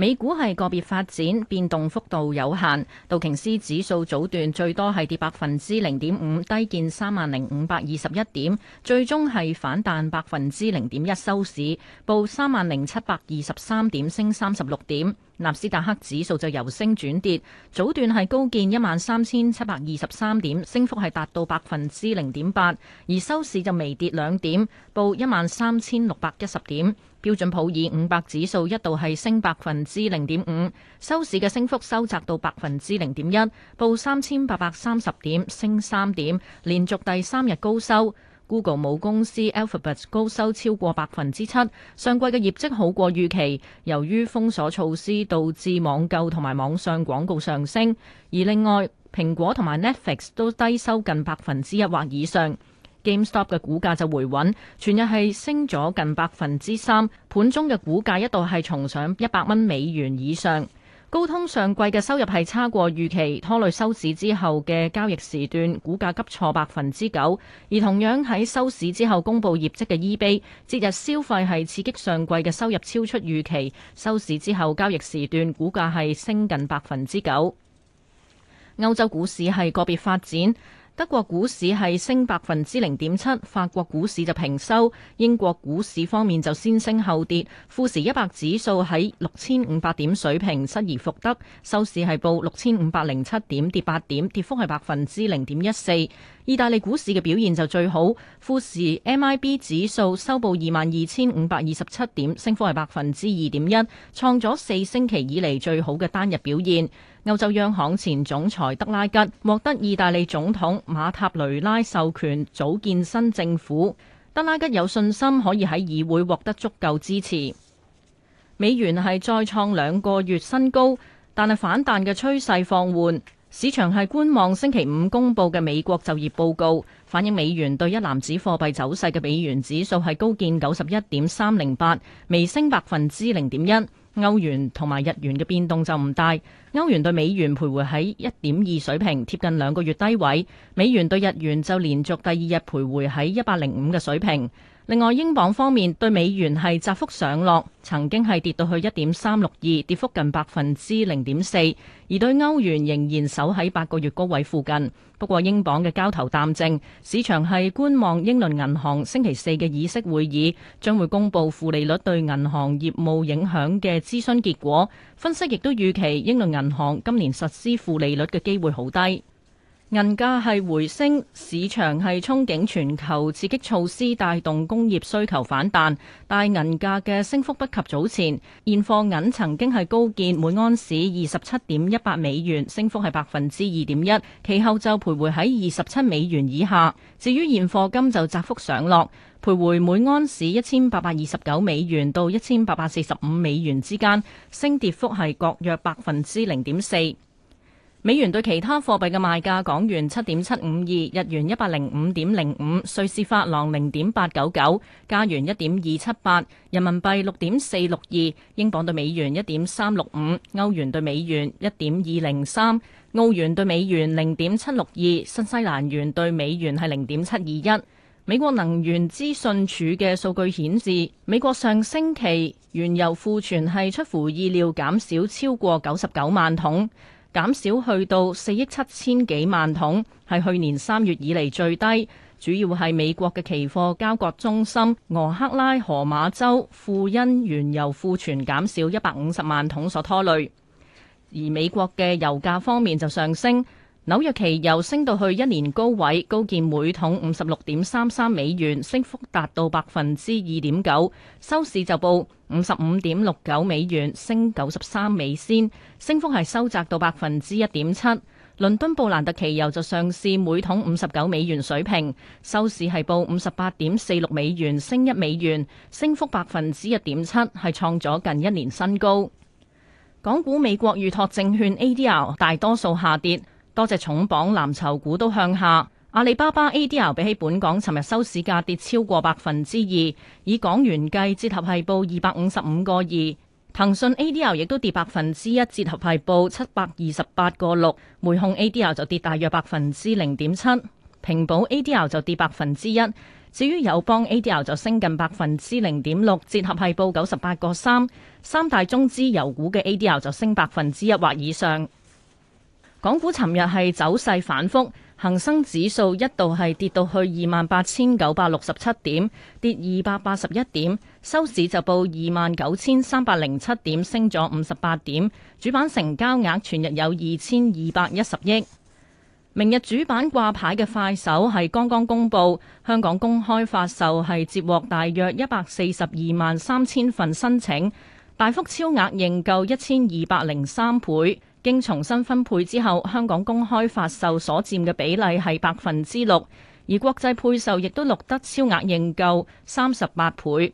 美股係個別發展，變動幅度有限。道瓊斯指數早段最多係跌百分之零點五，低見三萬零五百二十一點，最終係反彈百分之零點一收市，報三萬零七百二十三點，升三十六點。納斯達克指數就由升轉跌，早段係高見一萬三千七百二十三點，升幅係達到百分之零點八，而收市就微跌兩點，報一萬三千六百一十點。標準普爾五百指數一度係升百分之零點五，收市嘅升幅收窄到百分之零點一，報三千八百三十點，升三點，連續第三日高收。Google 母公司 Alphabet 高收超過百分之七，上季嘅業績好過預期，由於封鎖措施導致網購同埋網上廣告上升。而另外，蘋果同埋 Netflix 都低收近百分之一或以上。GameStop 嘅股價就回穩，全日係升咗近百分之三，盤中嘅股價一度係重上一百蚊美元以上。高通上季嘅收入係差過預期，拖累收市之後嘅交易時段，股價急挫百分之九。而同樣喺收市之後公佈業績嘅 eBay，節日消費係刺激上季嘅收入超出預期，收市之後交易時段股價係升近百分之九。歐洲股市係個別發展。德國股市係升百分之零點七，法國股市就平收，英國股市方面就先升後跌，富時一百指數喺六千五百點水平失而復得，收市係報六千五百零七點，跌八點，跌幅係百分之零點一四。意大利股市嘅表現就最好，富時 MIB 指數收報二萬二千五百二十七點，升幅係百分之二點一，創咗四星期以嚟最好嘅單日表現。歐洲央行前總裁德拉吉獲得意大利總統馬塔雷拉授權組建新政府。德拉吉有信心可以喺議會獲得足夠支持。美元係再創兩個月新高，但係反彈嘅趨勢放緩。市場係觀望星期五公佈嘅美國就業報告，反映美元對一籃子貨幣走勢嘅美元指數係高見九十一點三零八，微升百分之零點一。歐元同埋日元嘅變動就唔大，歐元對美元徘徊喺一點二水平，貼近兩個月低位；美元對日元就連續第二日徘徊喺一百零五嘅水平。另外，英鎊方面對美元係窄幅上落，曾經係跌到去一點三六二，跌幅近百分之零點四；而對歐元仍然守喺八個月高位附近。不過英鎊嘅交投淡靜，市場係觀望英倫銀行星期四嘅議息會議將會公布負利率對銀行業務影響嘅諮詢結果。分析亦都預期英倫銀行今年實施負利率嘅機會好低。銀價係回升，市場係憧憬全球刺激措施帶動工業需求反彈，但銀價嘅升幅不及早前。現貨銀曾經係高見每盎司二十七點一百美元，升幅係百分之二點一，其後就徘徊喺二十七美元以下。至於現貨金就窄幅上落，徘徊每盎司一千八百二十九美元到一千八百四十五美元之間，升跌幅係各約百分之零點四。美元對其他貨幣嘅賣價：港元七點七五二，日元一百零五點零五，瑞士法郎零點八九九，加元一點二七八，人民幣六點四六二，英鎊對美元一點三六五，歐元對美元一點二零三，澳元對美元零點七六二，新西蘭元對美元係零點七二一。美國能源資訊處嘅數據顯示，美國上星期原油庫存係出乎意料減少超過九十九萬桶。減少去到四億七千幾萬桶，係去年三月以嚟最低，主要係美國嘅期貨交割中心俄克拉荷馬州庫恩原油庫存減少一百五十萬桶所拖累，而美國嘅油價方面就上升。紐約期油升到去一年高位，高見每桶五十六點三三美元，升幅達到百分之二點九。收市就報五十五點六九美元，升九十三美仙，升幅係收窄到百分之一點七。倫敦布蘭特期油就上市每桶五十九美元水平，收市係報五十八點四六美元，升一美元，升幅百分之一點七，係創咗近一年新高。港股美國預託證券 ADR 大多數下跌。多隻重磅藍籌股都向下，阿里巴巴 ADR 比起本港尋日收市價跌超過百分之二，以港元計，折合係報二百五十五個二。騰訊 ADR 亦都跌百分之一，折合係報七百二十八個六。梅控 ADR 就跌大約百分之零點七，平保 ADR 就跌百分之一。至於友邦 ADR 就升近百分之零點六，折合係報九十八個三。三大中資油股嘅 ADR 就升百分之一或以上。港股尋日係走勢反覆，恒生指數一度係跌到去二萬八千九百六十七點，跌二百八十一點，收市就報二萬九千三百零七點，升咗五十八點。主板成交額全日有二千二百一十億。明日主板掛牌嘅快手係剛剛公布，香港公開發售係接獲大約一百四十二萬三千份申請，大幅超額認購一千二百零三倍。經重新分配之後，香港公開發售所佔嘅比例係百分之六，而國際配售亦都錄得超額認購三十八倍，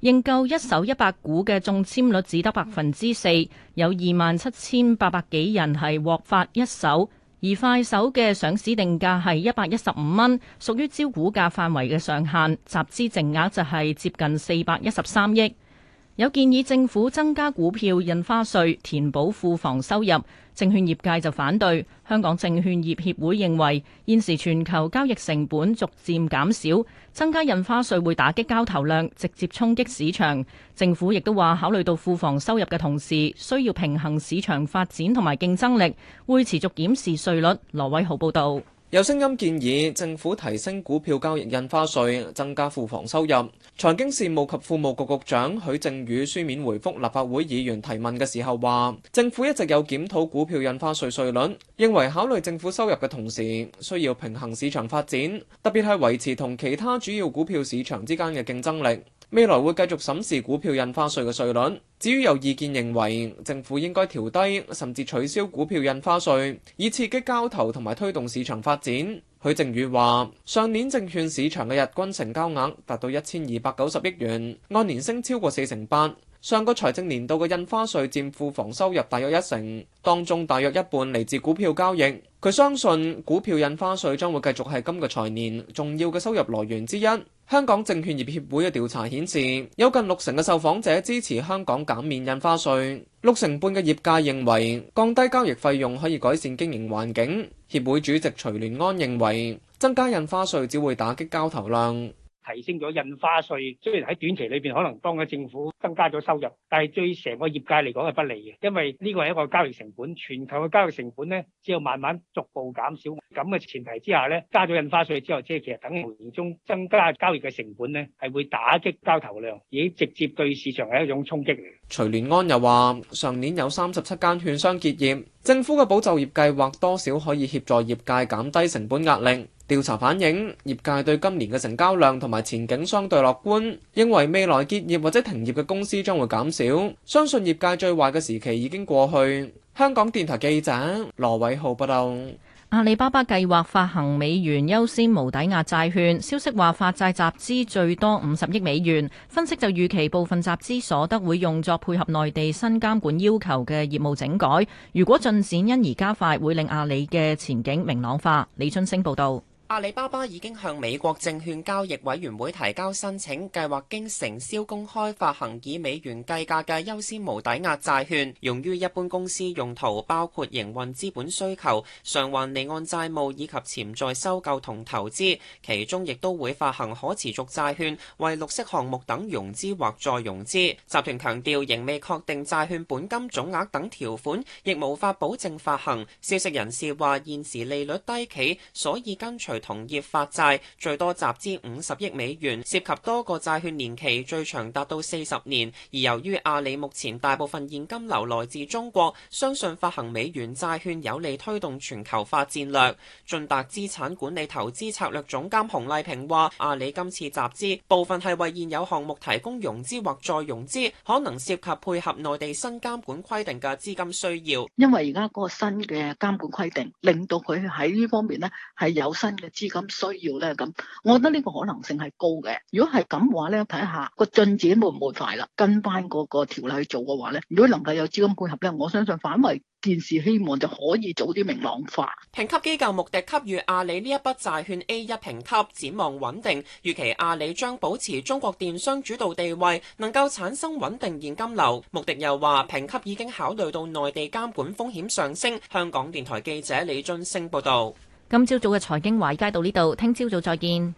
認購一手一百股嘅中籤率只得百分之四，有二萬七千八百幾人係獲發一手。而快手嘅上市定價係一百一十五蚊，屬於招股價範圍嘅上限，集資淨額就係接近四百一十三億。有建議政府增加股票印花稅，填補庫房收入。證券業界就反對。香港證券業協會認為，現時全球交易成本逐漸減少，增加印花稅會打擊交投量，直接衝擊市場。政府亦都話考慮到庫房收入嘅同時，需要平衡市場發展同埋競爭力，會持續檢視稅率。羅偉豪報導。有聲音建議政府提升股票交易印花稅，增加庫房收入。財經事務及庫務局局長許正宇書面回覆立法會議員提問嘅時候話，政府一直有檢討股票印花稅稅率，認為考慮政府收入嘅同時，需要平衡市場發展，特別係維持同其他主要股票市場之間嘅競爭力。未來會繼續審視股票印花稅嘅稅率。至於有意見認為政府應該調低甚至取消股票印花稅，以刺激交投同埋推動市場發展，許正宇話：上年證券市場嘅日均成交額達到一千二百九十億元，按年升超過四成八。上個財政年度嘅印花稅佔庫房收入大約一成，當中大約一半嚟自股票交易。佢相信股票印花稅將會繼續係今個財年重要嘅收入來源之一。香港證券業協會嘅調查顯示，有近六成嘅受訪者支持香港減免印花稅，六成半嘅業界認為降低交易費用可以改善經營環境。協會主席徐聯安認為，增加印花稅只會打擊交投量。提升咗印花稅，雖然喺短期裏邊可能幫咗政府增加咗收入，但係對成個業界嚟講係不利嘅，因為呢個係一個交易成本，全球嘅交易成本咧，只有慢慢逐步減少。咁嘅前提之下咧，加咗印花稅之後，即係其實等於中增加交易嘅成本咧，係會打擊交投量，而直接對市場係一種衝擊。徐聯安又話：上年有三十七間券商結業，政府嘅保就業計劃多少可以協助業界減低成本壓力。調查反映，業界對今年嘅成交量同埋前景相對樂觀，認為未來結業或者停業嘅公司將會減少，相信業界最壞嘅時期已經過去。香港電台記者羅偉浩報道。阿里巴巴計劃發行美元優先無抵押債券，消息話發債集資最多五十億美元。分析就預期部分集資所得會用作配合內地新監管要求嘅業務整改。如果進展因而加快，會令阿里嘅前景明朗化。李春星報道。阿里巴巴已經向美國證券交易委員會提交申請，計劃經承銷公開發行以美元計價嘅優先無抵押債券，用於一般公司用途，包括營運資本需求、償還離岸債務以及潛在收購同投資，其中亦都會發行可持續債券，為綠色項目等融資或再融資。集團強調仍未確定債券本金總額等條款，亦無法保證發行。消息人士話，現時利率低企，所以跟隨。同業發債最多集資五十億美元，涉及多個債券年期，最長達到四十年。而由於阿里目前大部分現金流來自中國，相信發行美元債券有利推動全球化戰略。進達資產管理投資策略總監洪麗萍話，阿里今次集資部分係為現有項目提供融資或再融資，可能涉及配合內地新監管規定嘅資金需要。因為而家嗰個新嘅監管規定令到佢喺呢方面呢係有新嘅。資金需要咧，咁我覺得呢個可能性係高嘅。如果係咁話咧，睇下個進展會唔會快啦。跟翻嗰個條例去做嘅話咧，如果能夠有資金配合咧，我相信反為件事希望就可以早啲明朗化。評級機構穆迪給予阿里呢一筆債券 A 一評級，展望穩定，預期阿里將保持中國電商主導地位，能夠產生穩定現金流。穆迪又話，評級已經考慮到內地監管風險上升。香港電台記者李津升報導。今朝早嘅財經華爾街到呢度，聽朝早再見。